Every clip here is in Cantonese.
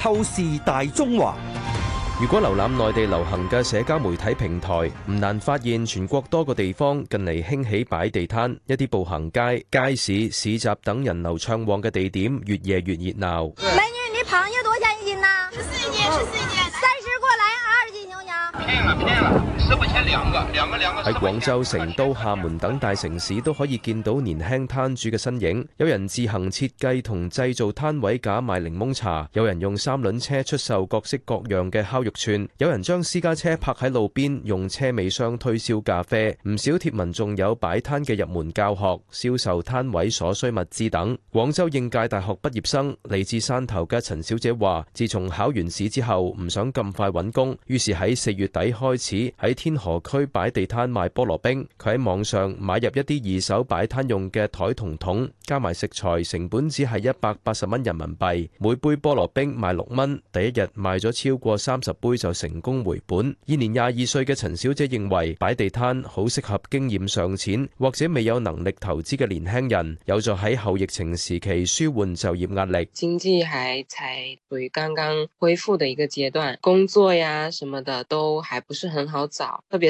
透視大中華，如果瀏覽內地流行嘅社交媒體平台，唔難發現全國多個地方近嚟興起擺地攤，一啲步行街、街市、市集等人流暢旺嘅地點，越夜越熱鬧。美女，你螃蟹多錢一斤啊？十四斤，十四斤，三十過來，二十斤行唔行？騙了，騙了，十塊錢。喺廣州、成都、廈門等大城市都可以見到年輕攤主嘅身影。有人自行設計同製造攤位架賣檸檬茶，有人用三輪車出售各式各樣嘅烤肉串，有人將私家車泊喺路邊用車尾箱推銷咖啡。唔少貼文仲有擺攤嘅入門教學、銷售攤位所需物資等。廣州應屆大學畢業生嚟自汕頭嘅陳小姐話，自從考完試之後，唔想咁快揾工，於是喺四月底開始喺天河區擺地攤賣菠蘿冰，佢喺網上買入一啲二手擺攤用嘅台同桶，加埋食材成本只係一百八十蚊人民幣，每杯菠蘿冰賣六蚊，第一日賣咗超過三十杯就成功回本。現年廿二歲嘅陳小姐認為，擺地攤好適合經驗尚淺或者未有能力投資嘅年輕人，有助喺後疫情時期舒緩就業壓力。經濟係才屬於剛剛恢復的一個階段，工作呀什麼的都還不是很好找，特別。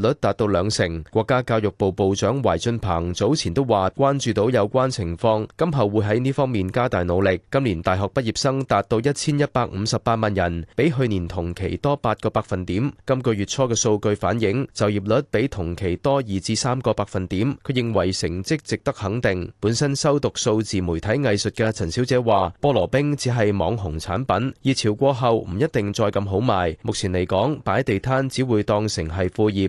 率達到兩成。國家教育部部長懷進鵬早前都話關注到有關情況，今後會喺呢方面加大努力。今年大學畢業生達到一千一百五十八萬人，比去年同期多八個百分點。今個月初嘅數據反映，就業率比同期多二至三個百分點。佢認為成績值得肯定。本身修讀數字媒體藝術嘅陳小姐話：菠蘿冰只係網紅產品，熱潮過後唔一定再咁好賣。目前嚟講，擺地攤只會當成係副業。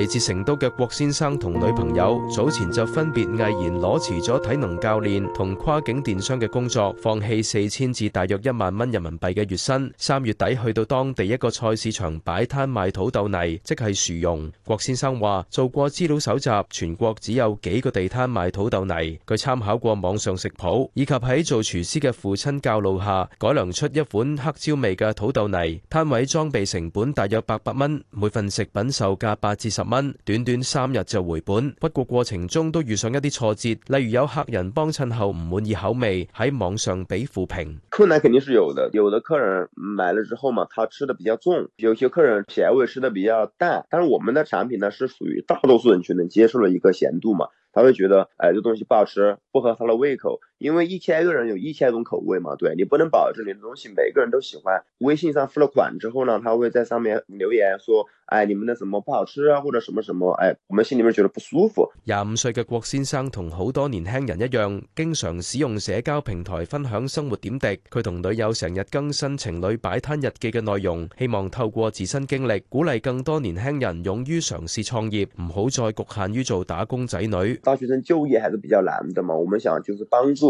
嚟自成都嘅郭先生同女朋友早前就分別毅然攞辭咗體能教練同跨境電商嘅工作，放棄四千至大約一萬蚊人民幣嘅月薪。三月底去到當地一個菜市場擺攤賣土豆泥，即係薯蓉。郭先生話做過資料搜集，全國只有幾個地攤賣土豆泥。佢參考過網上食譜，以及喺做廚師嘅父親教路下，改良出一款黑椒味嘅土豆泥。攤位裝備成本大約八百蚊，每份食品售價八至十蚊，短短三日就回本，不過過程中都遇上一啲挫折，例如有客人幫襯後唔滿意口味，喺網上俾負評。困難肯定是有的，有的客人買了之後嘛，他吃的比較重，有些客人鹹味吃的比較淡，但是我們的產品呢是屬於大多數人群能接受的一個鹹度嘛，他會覺得誒，這東西不好吃，不合他的胃口。.因為一千個人有一千種口味嘛，對你不能保證你的東西每個人都喜歡。微信上付了款之後呢，他會在上面留言說：“哎，你們的什麼不好吃啊，或者什麼什麼？”哎，我們心裏面覺得不舒服。廿五歲嘅郭先生同好多年輕人一樣，經常使用社交平台分享生活點滴。佢同女友成日更新情侶擺攤日記嘅內容，希望透過自身經歷鼓勵更多年輕人勇於嘗試創業，唔好再局限於做打工仔女。大學生就業還是比較難的嘛，我們想就是幫助。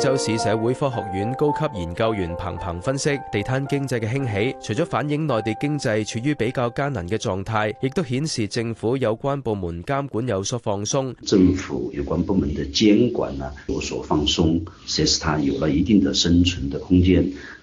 州市社會科學院高級研究員彭澎分析，地攤經濟嘅興起，除咗反映內地經濟處於比較艱難嘅狀態，亦都顯示政府有關部門監管有所放鬆。政府有關部門的監管有所放鬆，使他有了一定的生存的空間。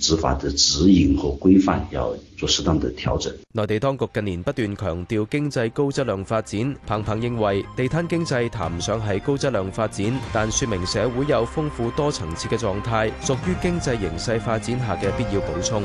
執法的指引和規範要做適當的調整。內地當局近年不斷強調經濟高質量發展，彭彭認為地攤經濟談唔上係高質量發展，但說明社會有豐富多層次嘅狀態，屬於經濟形勢發展下嘅必要補充。